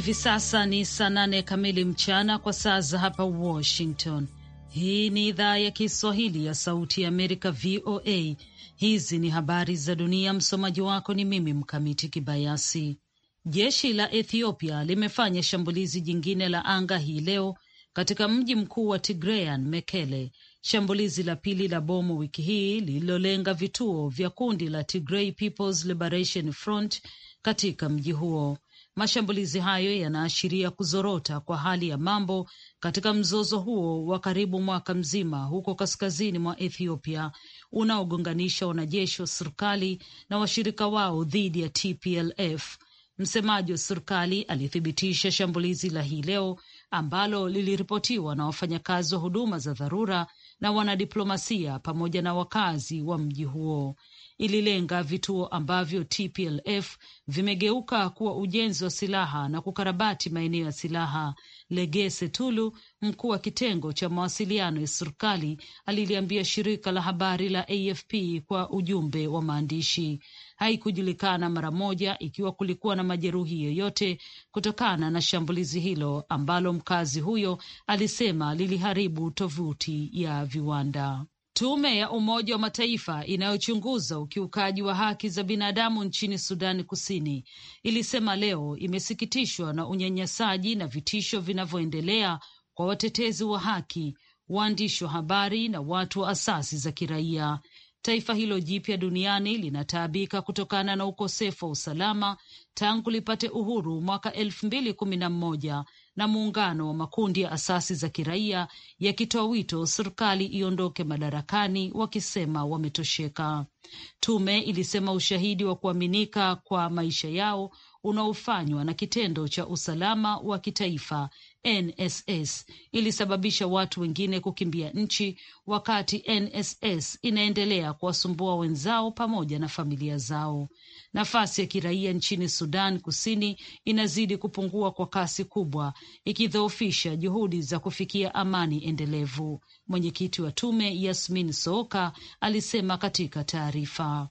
Hivi sasa ni saa nane kamili mchana kwa saa za hapa Washington. Hii ni idhaa ya Kiswahili ya Sauti ya Amerika, VOA. Hizi ni habari za dunia. Msomaji wako ni mimi Mkamiti Kibayasi. Jeshi la Ethiopia limefanya shambulizi jingine la anga hii leo katika mji mkuu wa Tigrean, Mekele, shambulizi la pili la bomu wiki hii lililolenga vituo vya kundi la Tigray People's Liberation Front katika mji huo. Mashambulizi hayo yanaashiria kuzorota kwa hali ya mambo katika mzozo huo wa karibu mwaka mzima huko kaskazini mwa Ethiopia unaogonganisha wanajeshi wa serikali na washirika wao dhidi ya TPLF. Msemaji wa serikali alithibitisha shambulizi la hii leo ambalo liliripotiwa na wafanyakazi wa huduma za dharura na wanadiplomasia pamoja na wakazi wa mji huo ililenga vituo ambavyo TPLF vimegeuka kuwa ujenzi wa silaha na kukarabati maeneo ya silaha. Legese Tulu, mkuu wa kitengo cha mawasiliano ya serikali, aliliambia shirika la habari la AFP kwa ujumbe wa maandishi. Haikujulikana mara moja ikiwa kulikuwa na majeruhi yoyote kutokana na shambulizi hilo ambalo mkazi huyo alisema liliharibu tovuti ya viwanda. Tume ya Umoja wa Mataifa inayochunguza ukiukaji wa haki za binadamu nchini Sudani Kusini ilisema leo imesikitishwa na unyanyasaji na vitisho vinavyoendelea kwa watetezi wa haki, waandishi wa habari na watu wa asasi za kiraia. Taifa hilo jipya duniani linataabika kutokana na ukosefu wa usalama tangu lipate uhuru mwaka elfu mbili kumi na mmoja na muungano wa makundi ya asasi za kiraia yakitoa wito serikali iondoke madarakani, wakisema wametosheka. Tume ilisema ushahidi wa kuaminika kwa maisha yao unaofanywa na kitendo cha usalama wa kitaifa NSS ilisababisha watu wengine kukimbia nchi wakati NSS inaendelea kuwasumbua wenzao pamoja na familia zao. Nafasi ya kiraia nchini Sudan Kusini inazidi kupungua kwa kasi kubwa, ikidhoofisha juhudi za kufikia amani endelevu, mwenyekiti wa tume Yasmin Sooka alisema katika taarifa.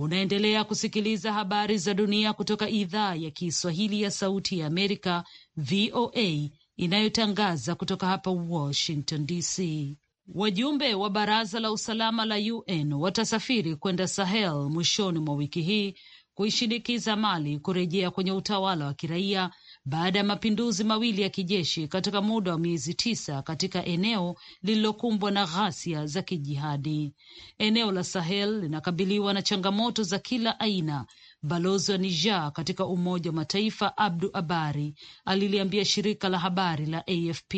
Unaendelea kusikiliza habari za dunia kutoka idhaa ya Kiswahili ya Sauti ya Amerika, VOA, inayotangaza kutoka hapa Washington DC. Wajumbe wa Baraza la Usalama la UN watasafiri kwenda Sahel mwishoni mwa wiki hii kuishinikiza Mali kurejea kwenye utawala wa kiraia baada ya mapinduzi mawili ya kijeshi katika muda wa miezi tisa katika eneo lililokumbwa na ghasia za kijihadi. Eneo la Sahel linakabiliwa na changamoto za kila aina. Balozi wa Niger katika Umoja wa Mataifa Abdu Abari aliliambia shirika la habari la AFP,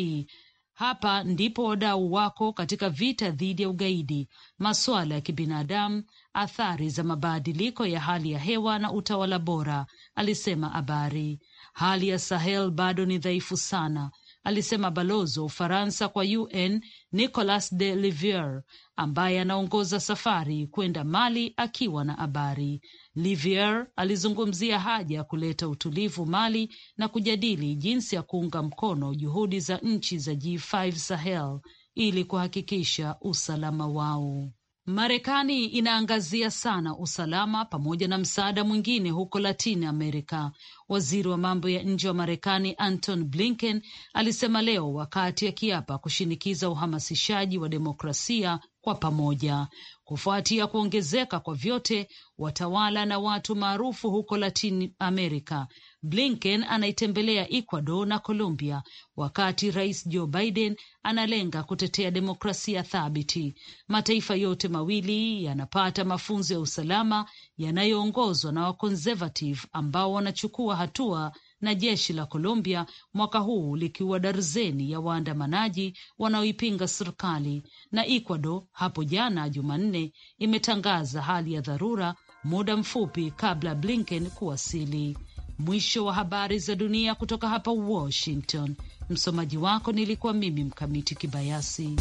hapa ndipo wadau wako katika vita dhidi ya ugaidi, masuala ya kibinadamu, athari za mabadiliko ya hali ya hewa na utawala bora, alisema Abari hali ya Sahel bado ni dhaifu sana, alisema balozi wa Ufaransa kwa UN Nicolas de Livier ambaye anaongoza safari kwenda Mali akiwa na habari. Livier alizungumzia haja ya kuleta utulivu Mali na kujadili jinsi ya kuunga mkono juhudi za nchi za G5 Sahel ili kuhakikisha usalama wao. Marekani inaangazia sana usalama pamoja na msaada mwingine huko Latin America waziri wa mambo ya nje wa Marekani Anton Blinken alisema leo wakati akiapa kushinikiza uhamasishaji wa demokrasia kwa pamoja kufuatia kuongezeka kwa vyote watawala na watu maarufu huko Latin America. Blinken anaitembelea Ecuador na Colombia wakati Rais Joe Biden analenga kutetea demokrasia thabiti. Mataifa yote mawili yanapata mafunzo ya usalama yanayoongozwa na wakonservative ambao wanachukua kuchukua hatua na jeshi la Colombia mwaka huu likiwa darzeni ya waandamanaji wanaoipinga serikali. Na Ecuador hapo jana Jumanne imetangaza hali ya dharura muda mfupi kabla Blinken kuwasili. Mwisho wa habari za dunia kutoka hapa Washington. Msomaji wako nilikuwa mimi Mkamiti Kibayasi.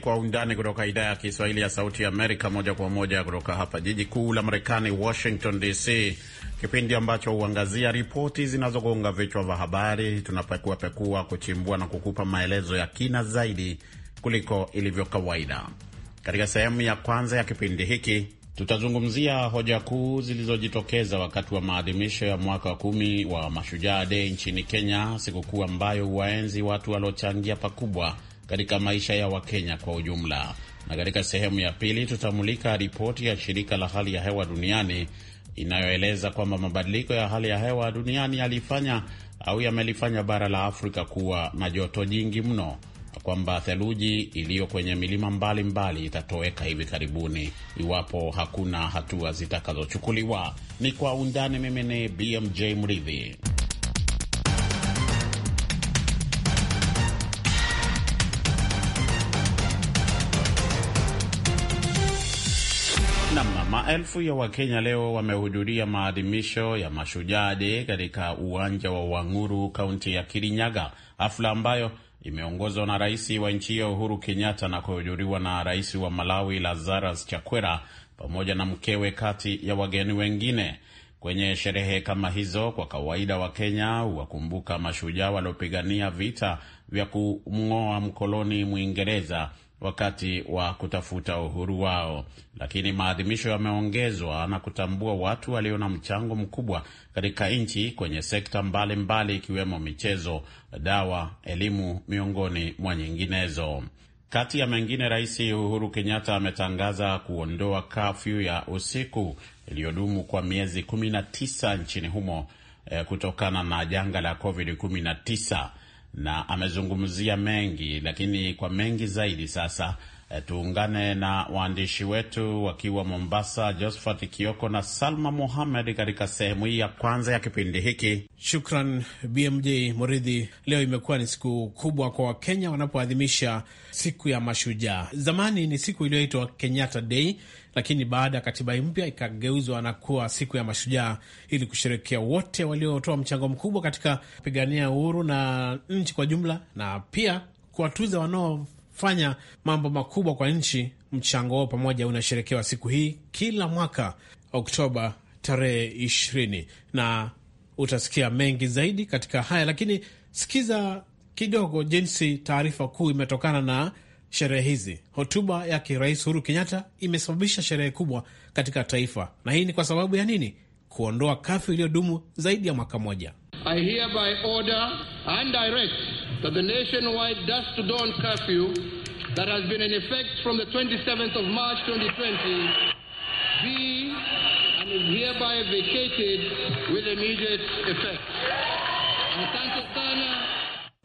kwa undani kutoka idhaa ya Kiswahili ya Sauti Amerika, moja kwa moja kutoka hapa jiji kuu la Marekani, Washington DC, kipindi ambacho huangazia ripoti zinazogonga vichwa vya habari. Tunapekuapekua, kuchimbua na kukupa maelezo ya kina zaidi kuliko ilivyo kawaida. Katika sehemu ya kwanza ya kipindi hiki tutazungumzia hoja kuu zilizojitokeza wakati wa maadhimisho ya mwaka kumi wa Mashujaa Dei nchini Kenya, sikukuu ambayo huwaenzi watu waliochangia pakubwa katika maisha ya Wakenya kwa ujumla. Na katika sehemu ya pili tutamulika ripoti ya shirika la hali ya hewa duniani inayoeleza kwamba mabadiliko ya hali ya hewa duniani yalifanya au yamelifanya bara la Afrika kuwa na joto jingi mno na kwamba theluji iliyo kwenye milima mbalimbali itatoweka hivi karibuni iwapo hakuna hatua zitakazochukuliwa. Ni kwa undani. Mimi ni BMJ Mridhi. Maelfu ya Wakenya leo wamehudhuria maadhimisho ya Mashujaa Day katika uwanja wa Wang'uru, kaunti ya Kirinyaga, hafla ambayo imeongozwa na rais wa nchi hiyo Uhuru Kenyatta na kuhudhuriwa na rais wa Malawi Lazarus Chakwera pamoja na mkewe, kati ya wageni wengine. Kwenye sherehe kama hizo, kwa kawaida Wakenya huwakumbuka mashujaa waliopigania vita vya kumng'oa mkoloni Mwingereza wakati wa kutafuta uhuru wao, lakini maadhimisho yameongezwa na kutambua watu walio na mchango mkubwa katika nchi kwenye sekta mbalimbali ikiwemo mbali, michezo, dawa, elimu, miongoni mwa nyinginezo. Kati ya mengine, Rais Uhuru Kenyatta ametangaza kuondoa kafyu ya usiku iliyodumu kwa miezi 19 nchini humo eh, kutokana na janga la COVID-19 na amezungumzia mengi, lakini kwa mengi zaidi sasa Eh, tuungane na waandishi wetu wakiwa Mombasa, Josphat Kioko na Salma Mohamed katika sehemu hii ya kwanza ya kipindi hiki. Shukran BMJ Muridhi. Leo imekuwa ni siku kubwa kwa Wakenya wanapoadhimisha siku ya Mashujaa. Zamani ni siku iliyoitwa Kenyatta Day, lakini baada ya katiba mpya ikageuzwa na kuwa siku ya Mashujaa ili kusherekea wote waliotoa mchango mkubwa katika kupigania uhuru na nchi kwa jumla na pia kuwatuza wanao kufanya mambo makubwa kwa nchi, mchango wao pamoja unasherekewa siku hii kila mwaka Oktoba tarehe ishirini, na utasikia mengi zaidi katika haya, lakini sikiza kidogo jinsi taarifa kuu imetokana na sherehe hizi. Hotuba yake Rais Uhuru Kenyatta imesababisha sherehe kubwa katika taifa, na hii ni kwa sababu ya nini? Kuondoa kafyu iliyodumu zaidi ya mwaka mmoja. I hereby order and direct that the nationwide dusk to dawn curfew that has been in effect from the 27th of March 2020 be and is hereby vacated with immediate effect.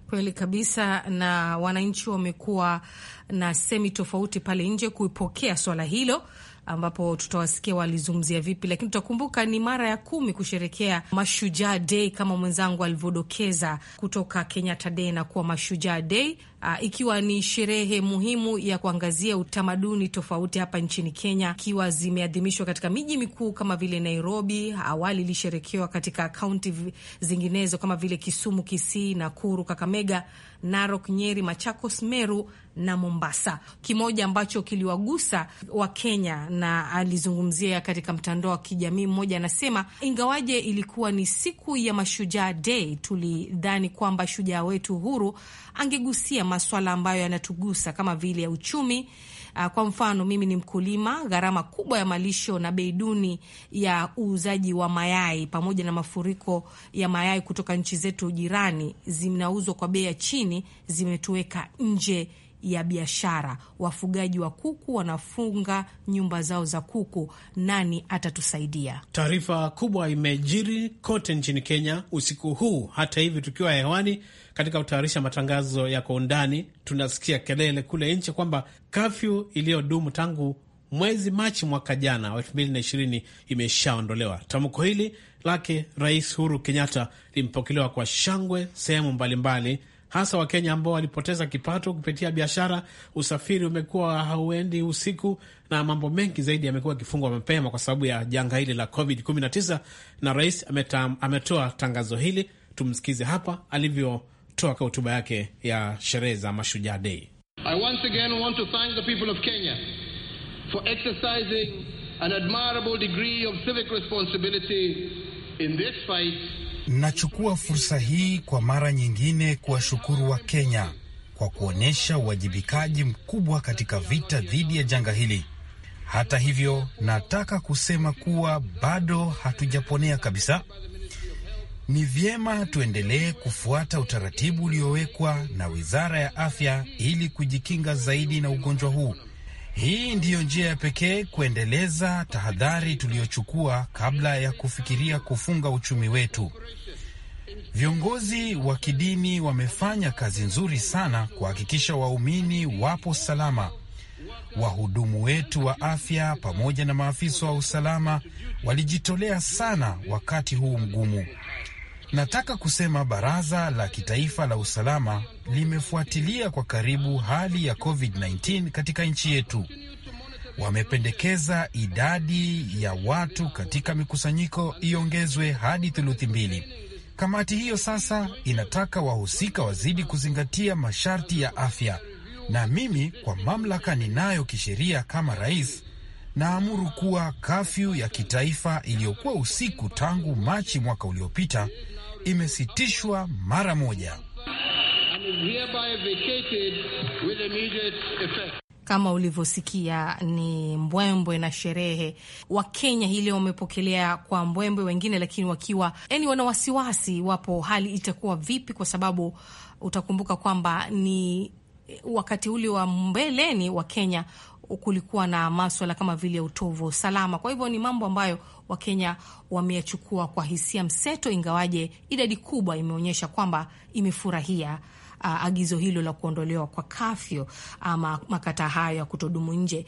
Kweli kabisa, na wananchi wamekuwa na semi tofauti pale nje kuipokea swala hilo ambapo tutawasikia walizungumzia vipi, lakini tutakumbuka ni mara ya kumi kusherekea Mashujaa Day kama mwenzangu alivyodokeza kutoka Kenyatta Day na kuwa Mashujaa Day Uh, ikiwa ni sherehe muhimu ya kuangazia utamaduni tofauti hapa nchini Kenya, ikiwa zimeadhimishwa katika miji mikuu kama vile Nairobi. Awali ilisherekewa katika kaunti zinginezo kama vile Kisumu, Kisii, Nakuru, Kakamega, Narok, Nyeri, Machakos, Meru na Mombasa, kimoja ambacho kiliwagusa Wakenya na alizungumzia katika mtandao wa kijamii. Mmoja anasema ingawaje ilikuwa ni siku ya Mashujaa Day, tulidhani kwamba shujaa wetu huru angegusia maswala ambayo yanatugusa kama vile ya uchumi. Ah, kwa mfano, mimi ni mkulima, gharama kubwa ya malisho na bei duni ya uuzaji wa mayai pamoja na mafuriko ya mayai kutoka nchi zetu jirani, zinauzwa kwa bei ya chini, zimetuweka nje ya biashara. Wafugaji wa kuku wanafunga nyumba zao za kuku. Nani atatusaidia? Taarifa kubwa imejiri kote nchini Kenya usiku huu. Hata hivi tukiwa hewani katika kutayarisha matangazo ya kwa undani, tunasikia kelele kule nchi kwamba kafyu iliyodumu tangu mwezi Machi mwaka jana wa 2020 imeshaondolewa. Tamko hili lake Rais Uhuru Kenyatta limepokelewa kwa shangwe sehemu mbalimbali mbali hasa Wakenya ambao walipoteza kipato kupitia biashara. Usafiri umekuwa hauendi usiku na mambo mengi zaidi yamekuwa yakifungwa mapema kwa sababu ya janga hili la COVID-19, na rais ametoa tangazo hili. Tumsikize hapa alivyotoa hotuba yake ya sherehe za Mashujaa Dei. I once again want to thank the people of Kenya for exercising an admirable degree of civic responsibility in this fight Nachukua fursa hii kwa mara nyingine kuwashukuru wa kenya kwa kuonyesha uwajibikaji mkubwa katika vita dhidi ya janga hili. Hata hivyo, nataka kusema kuwa bado hatujaponea kabisa. Ni vyema tuendelee kufuata utaratibu uliowekwa na Wizara ya Afya ili kujikinga zaidi na ugonjwa huu hii ndiyo njia ya pekee kuendeleza tahadhari tuliyochukua kabla ya kufikiria kufunga uchumi wetu. Viongozi wa kidini wamefanya kazi nzuri sana kuhakikisha waumini wapo salama. Wahudumu wetu wa afya pamoja na maafisa wa usalama walijitolea sana wakati huu mgumu. Nataka kusema Baraza la Kitaifa la Usalama limefuatilia kwa karibu hali ya COVID-19 katika nchi yetu. Wamependekeza idadi ya watu katika mikusanyiko iongezwe hadi thuluthi mbili. Kamati hiyo sasa inataka wahusika wazidi kuzingatia masharti ya afya, na mimi kwa mamlaka ninayo kisheria kama rais naamuru kuwa kafyu ya kitaifa iliyokuwa usiku tangu Machi mwaka uliopita imesitishwa mara moja. Kama ulivyosikia ni mbwembwe na sherehe. Wakenya hii leo wamepokelea kwa mbwembwe, wengine lakini wakiwa yani wana wasiwasi iwapo hali itakuwa vipi, kwa sababu utakumbuka kwamba ni wakati ule wa mbeleni wa Kenya kulikuwa na maswala kama vile utovu wa usalama. Kwa hivyo ni mambo ambayo Wakenya wameyachukua kwa hisia mseto, ingawaje idadi kubwa imeonyesha kwamba imefurahia uh, agizo hilo la kuondolewa kwa kafyu ama makataa hayo ya kutodumu nje.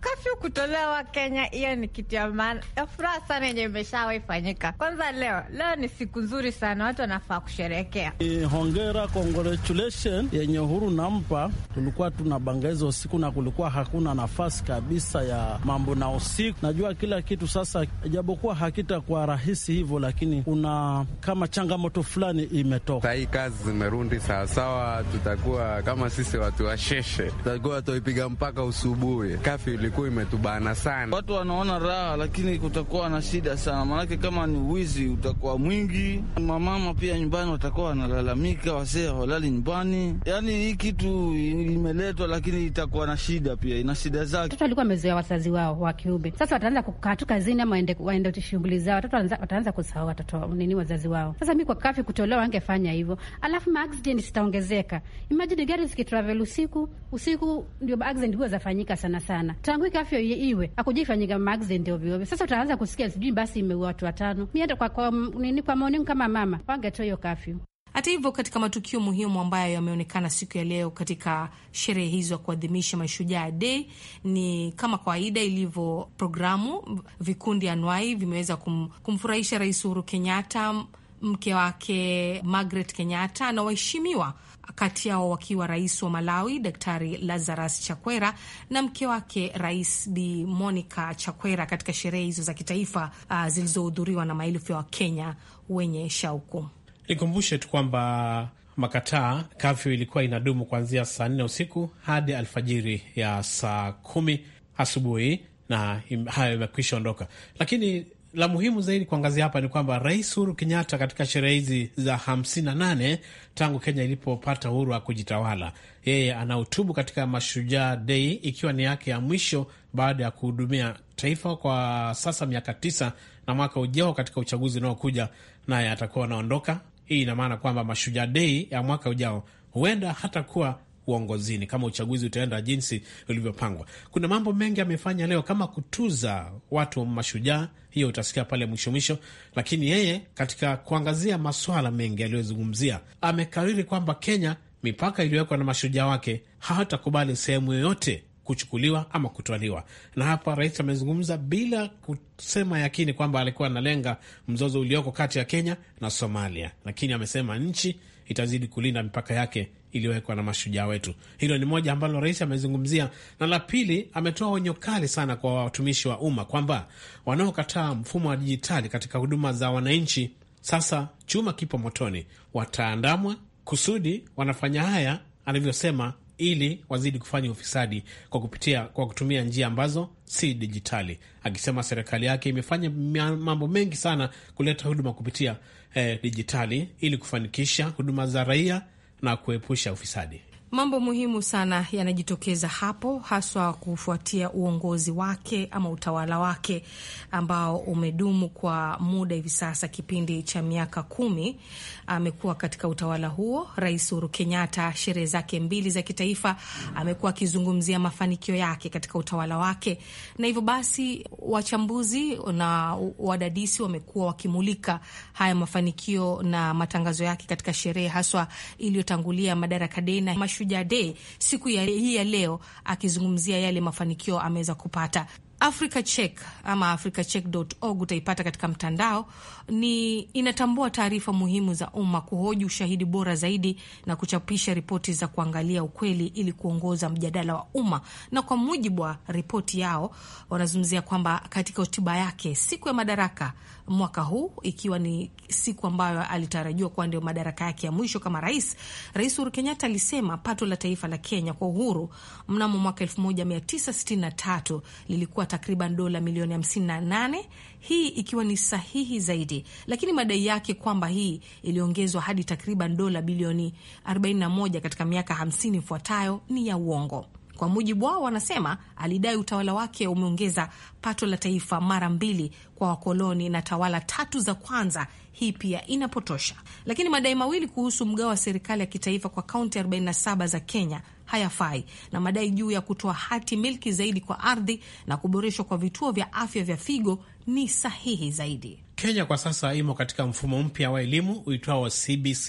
Kafyu kutolewa Kenya, hiyo ni kitu ya maana, furaha sana yenye imeshawaifanyika. Kwanza leo leo ni siku nzuri sana, watu wanafaa kusherekea. E, hongera, congratulation yenye uhuru nampa. Tulikuwa tunabanga hizo siku na kulikuwa hakuna nafasi kabisa ya mambo na usiku. Najua kila kitu sasa, japokuwa hakitakuwa rahisi hivyo, lakini kuna kama changamoto fulani imetoka. Sahii kazi zimerundi sawasawa, tutakuwa kama sisi watu washeshe, tutakuwa tuipiga mpaka usubuhi kafyu ilikuwa imetubana sana. Watu wanaona raha, lakini kutakuwa na shida sana, maanake kama ni wizi utakuwa mwingi. Mamama pia nyumbani watakuwa wanalalamika, wasee hawalali nyumbani. Yani hii kitu imeletwa, lakini itakuwa na shida pia, ina shida zake. Watoto walikuwa wamezoea wazazi wao wa kiume, sasa wataanza kukaa tu kazini ama waende shughuli zao. Watoto wataanza kusahau watoto nini, wazazi wao. Sasa mi kwa kafi kutolewa, wangefanya hivyo, alafu maaccident zitaongezeka. Imajini gari zikitravel usiku, usiku ndio accident huwa zafanyika sana sana tangu hii kafyu iwe akujifanyika maaksiden ovyo ovyo. Sasa utaanza kusikia sijui basi imeua watu watano. Mimi hata kwa, kwa nini, kwa maoni kama mama wangetoa hiyo kafyu. Hata hivyo katika matukio muhimu ambayo yameonekana siku ya leo katika sherehe hizo ya kuadhimisha Mashujaa Day, ni kama kawaida ilivyo programu, vikundi anwai vimeweza kum, kumfurahisha Rais Uhuru Kenyatta, mke wake Margaret Kenyatta na waheshimiwa kati yao wakiwa rais wa Malawi Daktari Lazarus Chakwera na mke wake Rais Bi Monica Chakwera katika sherehe hizo za kitaifa uh, zilizohudhuriwa na maelfu ya Wakenya wenye shauku. Nikumbushe tu kwamba makataa kafyu ilikuwa inadumu kuanzia saa nne usiku hadi alfajiri ya saa kumi asubuhi na hayo imekwisha ondoka, lakini la muhimu zaidi kuangazia hapa ni kwamba Rais Uhuru Kenyatta katika sherehe hizi za 58 tangu Kenya ilipopata uhuru wa kujitawala, yeye anahutubu katika Mashujaa Dei, ikiwa ni yake ya mwisho baada ya kuhudumia taifa kwa sasa miaka tisa, na mwaka ujao katika uchaguzi unaokuja naye atakuwa anaondoka. Hii ina maana kwamba Mashujaa Dei ya mwaka ujao huenda hata kuwa uongozini, kama uchaguzi utaenda jinsi ulivyopangwa. Kuna mambo mengi amefanya leo, kama kutuza watu mashujaa, hiyo utasikia pale mwisho mwisho. Lakini yeye katika kuangazia maswala mengi aliyozungumzia, amekariri kwamba Kenya mipaka iliyowekwa na mashujaa wake hawatakubali sehemu yoyote kuchukuliwa ama kutwaliwa. Na hapa rais amezungumza bila kusema yakini kwamba alikuwa analenga mzozo ulioko kati ya Kenya na Somalia, lakini amesema nchi itazidi kulinda mipaka yake iliyowekwa na mashujaa wetu. Hilo ni moja ambalo rais amezungumzia, na la pili, ametoa onyo kali sana kwa watumishi wa umma kwamba wanaokataa mfumo wa dijitali katika huduma za wananchi, sasa chuma kipo motoni, wataandamwa. Kusudi wanafanya haya anavyosema ili wazidi kufanya ufisadi kwa kupitia kwa kutumia njia ambazo si dijitali, akisema serikali yake imefanya mambo mengi sana kuleta huduma kupitia eh, dijitali ili kufanikisha huduma za raia na kuepusha ufisadi. Mambo muhimu sana yanajitokeza hapo, haswa kufuatia uongozi wake ama utawala wake ambao umedumu kwa muda hivi sasa, kipindi cha miaka kumi amekuwa katika utawala huo. Rais Uhuru Kenyatta, sherehe zake mbili za kitaifa, amekuwa akizungumzia mafanikio yake katika utawala wake, na hivyo basi wachambuzi na wadadisi wamekuwa wakimulika haya mafanikio na matangazo yake katika sherehe haswa iliyotangulia Madaraka Day na Shujaa Day siku ya hii ya leo, akizungumzia yale mafanikio ameweza kupata. Africa Check ama africacheck.org utaipata katika mtandao. Ni inatambua taarifa muhimu za umma, kuhoji ushahidi bora zaidi na kuchapisha ripoti za kuangalia ukweli ili kuongoza mjadala wa umma. Na kwa mujibu wa ripoti yao, wanazungumzia kwamba katika hotuba yake siku ya Madaraka, mwaka huu, ikiwa ni siku ambayo alitarajiwa kuwa ndio madaraka yake ya mwisho kama rais. Rais Uhuru Kenyatta alisema pato la taifa la Kenya kwa uhuru mnamo mwaka 1963 lilikuwa takriban dola milioni 58, hii ikiwa ni sahihi zaidi, lakini madai yake kwamba hii iliongezwa hadi takriban dola bilioni 41 katika miaka 50 ifuatayo ni ya uongo. Kwa mujibu wao, wanasema alidai utawala wake umeongeza pato la taifa mara mbili kwa wakoloni na tawala tatu za kwanza. Hii pia inapotosha, lakini madai mawili kuhusu mgao wa serikali ya kitaifa kwa kaunti 47 za Kenya hayafai na madai juu ya kutoa hati milki zaidi kwa ardhi na kuboreshwa kwa vituo vya afya vya figo ni sahihi zaidi. Kenya kwa sasa imo katika mfumo mpya wa elimu uitwao CBC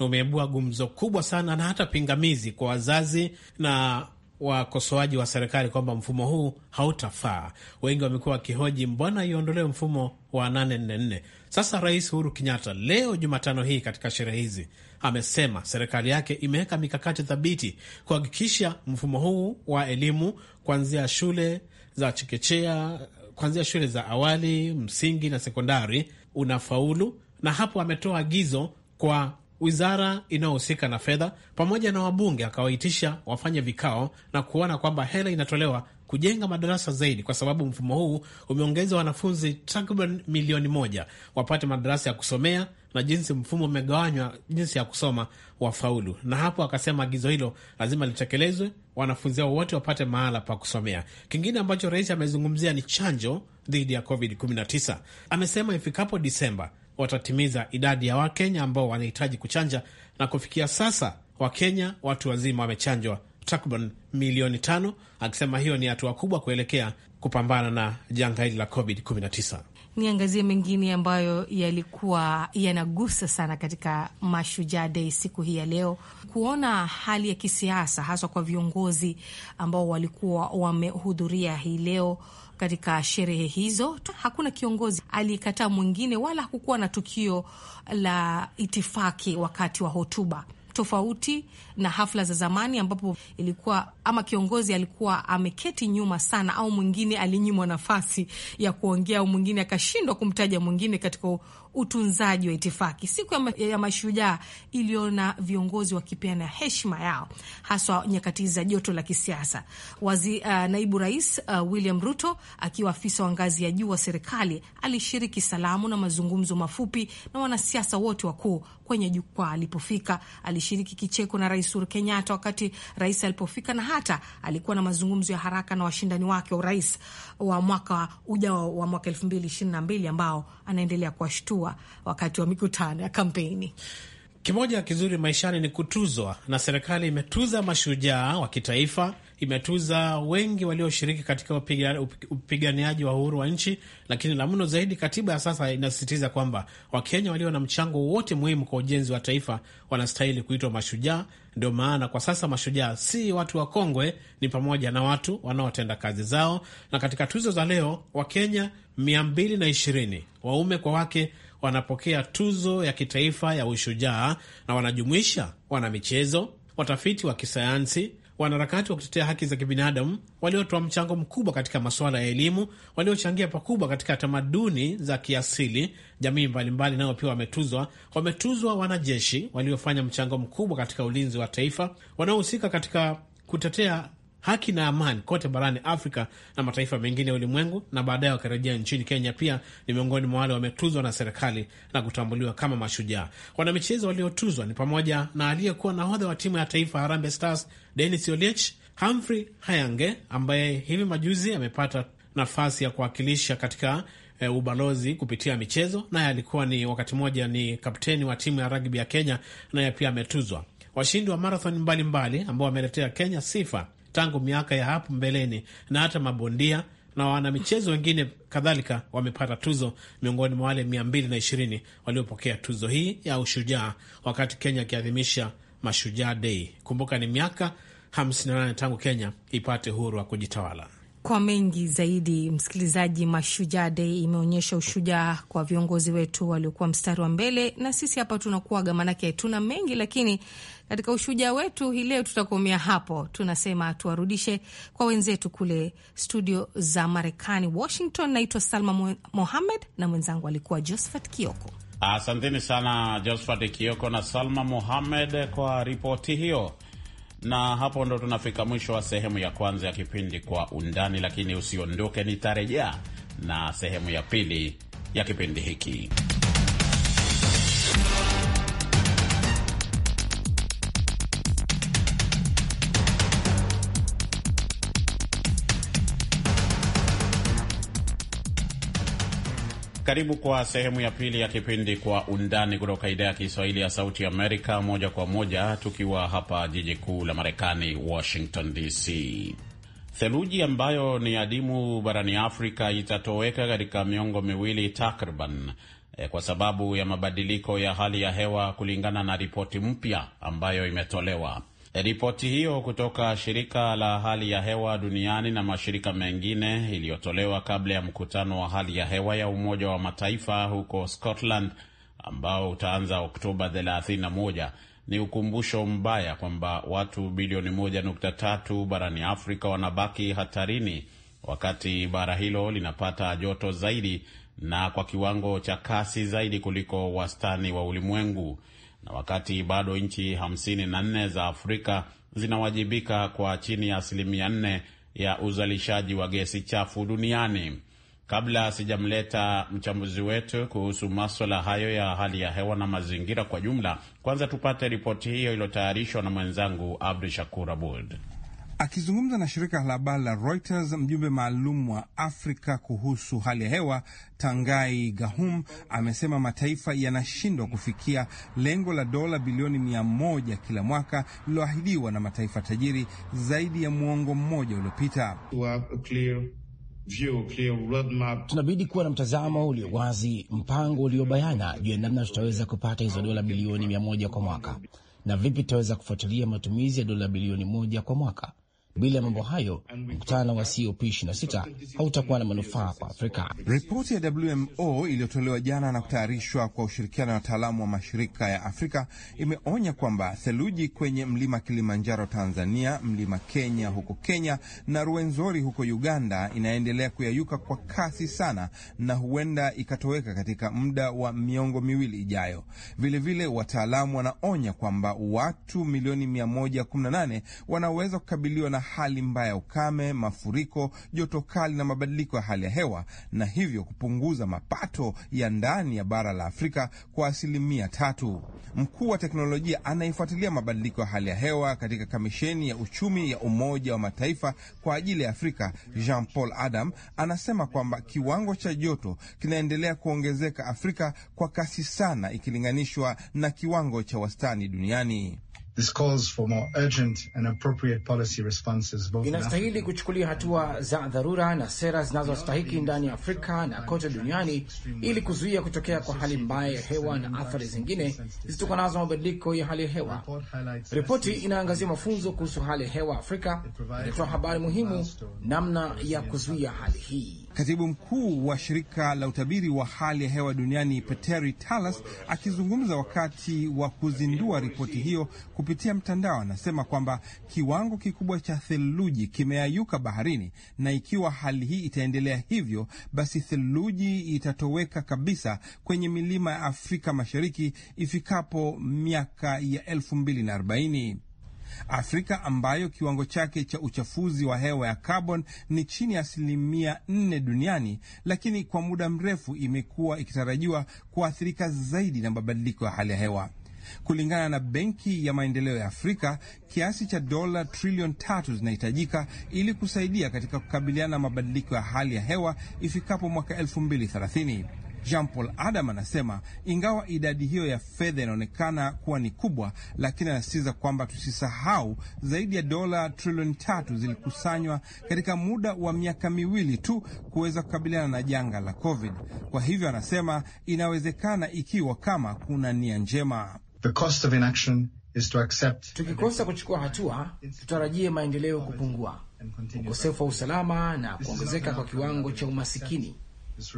na umeibua gumzo kubwa sana na hata pingamizi kwa wazazi na wakosoaji wa serikali kwamba mfumo huu hautafaa. Wengi wamekuwa wakihoji mbona iondolewe mfumo wa 844. Sasa Rais Uhuru Kenyatta leo Jumatano hii katika sherehe hizi amesema serikali yake imeweka mikakati thabiti kuhakikisha mfumo huu wa elimu kuanzia shule za chekechea, kuanzia shule za awali, msingi na sekondari unafaulu, na hapo ametoa agizo kwa wizara inayohusika na fedha pamoja na wabunge akawaitisha wafanye vikao na kuona kwamba hela inatolewa kujenga madarasa zaidi, kwa sababu mfumo huu umeongeza wanafunzi takriban milioni moja wapate madarasa ya kusomea, na jinsi mfumo umegawanywa, jinsi ya kusoma wafaulu. Na hapo akasema agizo hilo lazima litekelezwe, wanafunzi hao wote wapate mahala pa kusomea. Kingine ambacho rais amezungumzia ni chanjo dhidi ya COVID-19. Amesema ifikapo Disemba watatimiza idadi ya Wakenya ambao wanahitaji kuchanja, na kufikia sasa Wakenya watu wazima wamechanjwa takriban milioni tano, akisema hiyo ni hatua kubwa kuelekea kupambana na janga hili la COVID-19. Niangazie mengine ambayo yalikuwa yanagusa sana katika Mashujaa Day siku hii ya leo, kuona hali ya kisiasa haswa kwa viongozi ambao walikuwa wamehudhuria hii leo katika sherehe hizo hakuna kiongozi aliyekataa mwingine, wala hakukuwa na tukio la itifaki wakati wa hotuba tofauti na hafla za zamani, ambapo ilikuwa ama kiongozi alikuwa ameketi nyuma sana, au mwingine alinyimwa nafasi ya kuongea, au mwingine akashindwa kumtaja mwingine katika utunzaji wa itifaki. Siku ya, ma ya mashujaa iliona viongozi wakipeana heshima yao, haswa nyakati za joto la kisiasa. Wazi, uh, naibu rais uh, William Ruto akiwa afisa wa ngazi ya juu wa serikali alishiriki salamu na mazungumzo mafupi na wanasiasa wote wakuu kwenye jukwaa. Alipofika alishiriki kicheko na rais Uhuru Kenyatta wakati rais alipofika, na hata alikuwa na mazungumzo ya haraka na washindani wake wa urais wa mwaka ujao wa mwaka elfu mbili ishirini na mbili ambao anaendelea kuwashtua wakati wa mikutano ya kampeni. Kimoja kizuri maishani ni kutuzwa, na serikali imetuza mashujaa wa kitaifa imetuza wengi walioshiriki katika upiganiaji wa uhuru wa nchi, lakini la mno zaidi, katiba ya sasa inasisitiza kwamba Wakenya walio na mchango wote muhimu kwa ujenzi wa taifa wanastahili kuitwa mashujaa. Ndio maana kwa sasa mashujaa si watu wakongwe, ni pamoja na watu wanaotenda kazi zao. Na katika tuzo za leo, Wakenya 220 waume kwa wake wanapokea tuzo ya kitaifa ya ushujaa na wanajumuisha wanamichezo, watafiti wa kisayansi wanaharakati wa kutetea haki za kibinadamu waliotoa mchango mkubwa katika masuala ya elimu, waliochangia pakubwa katika tamaduni za kiasili jamii mbalimbali, nao pia wametuzwa. Wametuzwa wanajeshi waliofanya mchango mkubwa katika ulinzi wa taifa, wanaohusika katika kutetea haki na amani kote barani Afrika na mataifa mengine ya ulimwengu, na baadaye wakarejea nchini Kenya. Pia ni miongoni mwa wale wametuzwa na serikali na kutambuliwa kama mashujaa. Wanamichezo waliotuzwa ni pamoja na aliyekuwa nahodha wa timu ya taifa Harambee Stars Dennis Oliech, Humphrey Hayange ambaye hivi majuzi amepata nafasi ya kuwakilisha katika E, ubalozi kupitia michezo. Naye alikuwa ni wakati mmoja ni kapteni wa timu ya ragbi ya Kenya, naye pia ametuzwa. Washindi wa marathon mbalimbali ambao wameletea Kenya sifa tangu miaka ya hapo mbeleni, na hata mabondia na wanamichezo wengine kadhalika wamepata tuzo miongoni mwa wale ishirini waliopokea tuzo hii ya ushujaa wakati Kenya akiadhimisha Mashujaa Dei. Kumbuka ni miaka 58 tangu Kenya ipate uhuru wa kujitawala. Kwa mengi zaidi, msikilizaji, Mashujaa Dei imeonyesha ushujaa kwa viongozi wetu waliokuwa mstari wa mbele, na sisi hapa tunakuaga, maanake tuna mengi, lakini katika ushujaa wetu hii leo tutakomea hapo. Tunasema tuwarudishe kwa wenzetu kule studio za Marekani, Washington. Naitwa Salma Mohamed na mwenzangu alikuwa Josephat Kioko. Asanteni sana Josephat Kioko na Salma Mohamed kwa ripoti hiyo. Na hapo ndo tunafika mwisho wa sehemu ya kwanza ya kipindi Kwa Undani, lakini usiondoke, nitarejea na sehemu ya pili ya kipindi hiki. Karibu kwa sehemu ya pili ya kipindi Kwa Undani kutoka idhaa ya Kiswahili ya Sauti Amerika, moja kwa moja tukiwa hapa jiji kuu la Marekani, Washington DC. Theluji ambayo ni adimu barani Afrika itatoweka katika miongo miwili takriban, e, kwa sababu ya mabadiliko ya hali ya hewa, kulingana na ripoti mpya ambayo imetolewa. Ripoti hiyo kutoka shirika la hali ya hewa duniani na mashirika mengine iliyotolewa kabla ya mkutano wa hali ya hewa ya Umoja wa Mataifa huko Scotland ambao utaanza Oktoba 31 ni ukumbusho mbaya kwamba watu bilioni 1.3 barani Afrika wanabaki hatarini wakati bara hilo linapata joto zaidi na kwa kiwango cha kasi zaidi kuliko wastani wa ulimwengu na wakati bado nchi hamsini na nne za Afrika zinawajibika kwa chini ya asilimia nne ya uzalishaji wa gesi chafu duniani. Kabla sijamleta mchambuzi wetu kuhusu maswala hayo ya hali ya hewa na mazingira kwa jumla, kwanza tupate ripoti hiyo iliyotayarishwa na mwenzangu Abdu Shakur Abud. Akizungumza na shirika la habari la Reuters, mjumbe maalum wa Afrika kuhusu hali ya hewa Tangai Gahum amesema mataifa yanashindwa kufikia lengo la dola bilioni mia moja kila mwaka lililoahidiwa na mataifa tajiri zaidi ya muongo mmoja uliopita. Tunabidi kuwa na mtazamo ulio wazi, mpango uliobayana juu ya namna tutaweza kupata hizo dola bilioni mia moja kwa mwaka na vipi tutaweza kufuatilia matumizi ya dola bilioni moja kwa mwaka bila mambo hayo, mkutano wa COP 26 hautakuwa na manufaa kwa Afrika. Ripoti ya WMO iliyotolewa jana na kutayarishwa kwa ushirikiano na wataalamu wa mashirika ya Afrika imeonya kwamba theluji kwenye mlima Kilimanjaro Tanzania, mlima Kenya huko Kenya na ruenzori huko Uganda inaendelea kuyayuka kwa kasi sana na huenda ikatoweka katika muda wa miongo miwili ijayo. Vilevile wataalamu wanaonya kwamba watu milioni 118 wanaweza kukabiliwa na hali mbaya ya ukame, mafuriko, joto kali na mabadiliko ya hali ya hewa, na hivyo kupunguza mapato ya ndani ya bara la Afrika kwa asilimia tatu. Mkuu wa teknolojia anayefuatilia mabadiliko ya hali ya hewa katika kamisheni ya uchumi ya Umoja wa Mataifa kwa ajili ya Afrika, Jean Paul Adam, anasema kwamba kiwango cha joto kinaendelea kuongezeka Afrika kwa kasi sana ikilinganishwa na kiwango cha wastani duniani. This calls for more urgent and appropriate policy responses both. Inastahili kuchukulia hatua za dharura na sera zinazostahiki ndani ya Afrika na kote duniani ili kuzuia kutokea kwa hali mbaya ya hewa na athari zingine zitokanazo mabadiliko ya hali ya hewa. Ripoti inaangazia mafunzo kuhusu hali ya hewa Afrika, inatoa habari muhimu namna ya kuzuia hali hii. Katibu mkuu wa shirika la utabiri wa hali ya hewa duniani Peteri Talas akizungumza wakati wa kuzindua ripoti hiyo kupitia mtandao, anasema kwamba kiwango kikubwa cha theluji kimeayuka baharini, na ikiwa hali hii itaendelea hivyo, basi theluji itatoweka kabisa kwenye milima ya Afrika Mashariki ifikapo miaka ya 2040. Afrika ambayo kiwango chake cha uchafuzi wa hewa ya carbon ni chini ya asilimia nne duniani, lakini kwa muda mrefu imekuwa ikitarajiwa kuathirika zaidi na mabadiliko ya hali ya hewa. Kulingana na Benki ya Maendeleo ya Afrika, kiasi cha dola trilioni tatu zinahitajika ili kusaidia katika kukabiliana na mabadiliko ya hali ya hewa ifikapo mwaka 2030. Jean Paul Adam anasema ingawa idadi hiyo ya fedha inaonekana kuwa ni kubwa, lakini anasisitiza kwamba tusisahau zaidi ya dola trilioni tatu zilikusanywa katika muda wa miaka miwili tu kuweza kukabiliana na janga la COVID. Kwa hivyo, anasema inawezekana ikiwa kama kuna nia njema. The cost of inaction is to accept... tukikosa kuchukua hatua, tutarajie maendeleo kupungua, ukosefu wa usalama na kuongezeka kwa kiwango cha umasikini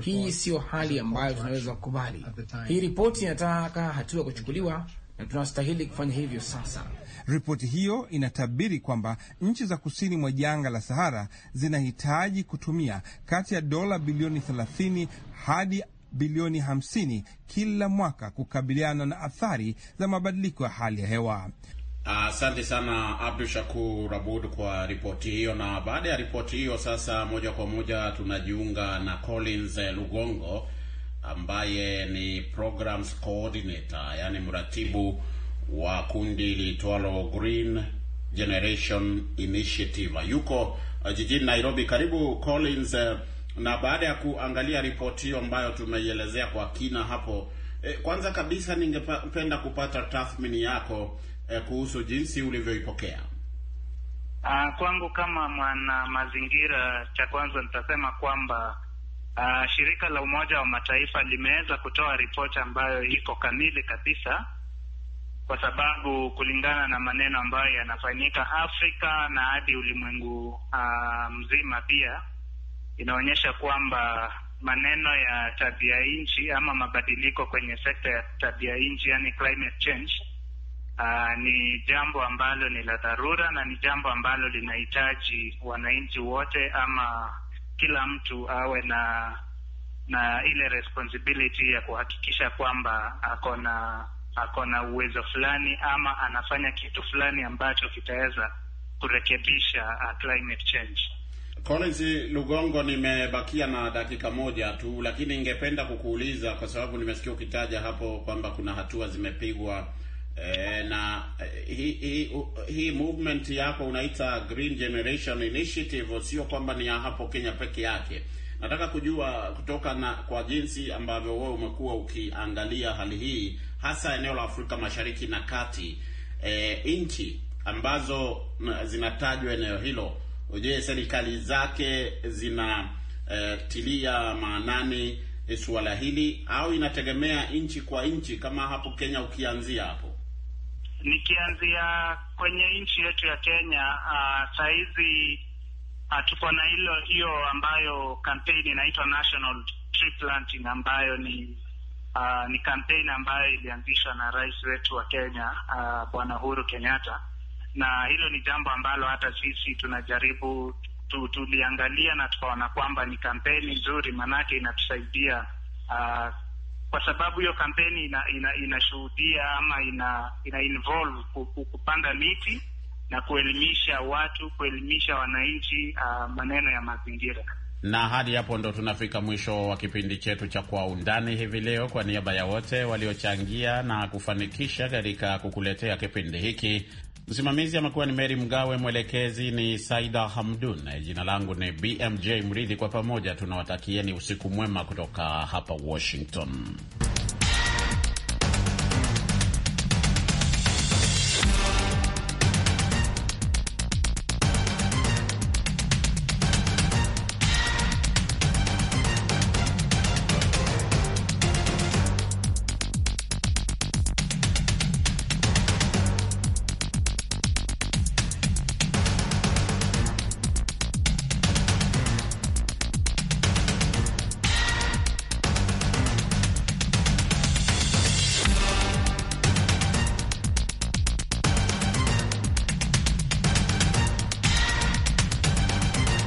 hii siyo hali ambayo tunaweza kukubali. Hii ripoti inataka hatua kuchukuliwa na tunastahili kufanya hivyo sasa. Ripoti hiyo inatabiri kwamba nchi za kusini mwa jangwa la Sahara zinahitaji kutumia kati ya dola bilioni 30 hadi bilioni 50 kila mwaka kukabiliana na athari za mabadiliko ya hali ya hewa. Asante sana Abdu Shakur Abud kwa ripoti hiyo. Na baada ya ripoti hiyo, sasa moja kwa moja tunajiunga na Collins eh, Lugongo ambaye ni programs coordinator, yani mratibu wa kundi liitwalo Green Generation Initiative, yuko eh, jijini Nairobi. Karibu Collins. Eh, na baada ya kuangalia ripoti hiyo ambayo tumeielezea kwa kina hapo, eh, kwanza kabisa ningependa kupata tathmini yako eh, kuhusu jinsi ulivyoipokea? Uh, kwangu kama mwana mazingira, cha kwanza nitasema kwamba uh, shirika la Umoja wa Mataifa limeweza kutoa ripoti ambayo iko kamili kabisa, kwa sababu kulingana na maneno ambayo yanafanyika Afrika na hadi ulimwengu uh, mzima, pia inaonyesha kwamba maneno ya tabia nchi ama mabadiliko kwenye sekta ya tabia nchi, yani climate change Aa, ah, ni jambo ambalo ni la dharura na ni jambo ambalo linahitaji wananchi wote ama kila mtu awe na na ile responsibility ya kuhakikisha kwamba ako na ako na uwezo fulani ama anafanya kitu fulani ambacho kitaweza kurekebisha uh, climate change. Collins Lugongo, nimebakia na dakika moja tu, lakini ningependa kukuuliza kwa sababu nimesikia ukitaja hapo kwamba kuna hatua zimepigwa Eh, na hii eh, hi, hi movement yako unaita Green Generation Initiative sio kwamba ni ya hapo Kenya peke yake. Nataka kujua kutoka na kwa jinsi ambavyo wewe umekuwa ukiangalia hali hii hasa eneo la Afrika Mashariki na Kati, e, nchi ambazo zinatajwa eneo hilo, je, serikali zake zinatilia e, maanani suala hili au inategemea nchi kwa nchi, kama hapo Kenya ukianzia hapo? Nikianzia kwenye nchi yetu ya Kenya, uh, ah, sahizi uh, ah, tuko na hilo hiyo ambayo kampeni inaitwa National Tree Planting ambayo ni uh, ni kampeni ambayo ilianzishwa na rais wetu wa Kenya uh, Bwana Uhuru Kenyatta, na hilo ni jambo ambalo hata sisi tunajaribu tu, tuliangalia na tukaona kwamba ni kampeni nzuri, maanake inatusaidia uh, kwa sababu hiyo kampeni inashuhudia ina, ina ama ina, ina involve kupanda miti na kuelimisha watu, kuelimisha wananchi uh, maneno ya mazingira. Na hadi hapo ndo tunafika mwisho wa kipindi chetu cha Kwa Undani hivi leo. Kwa niaba ya wote waliochangia na kufanikisha katika kukuletea kipindi hiki, Msimamizi amekuwa ni Meri Mgawe, mwelekezi ni Saida Hamdun. Jina langu ni BMJ Mridhi. Kwa pamoja tunawatakieni usiku mwema kutoka hapa Washington.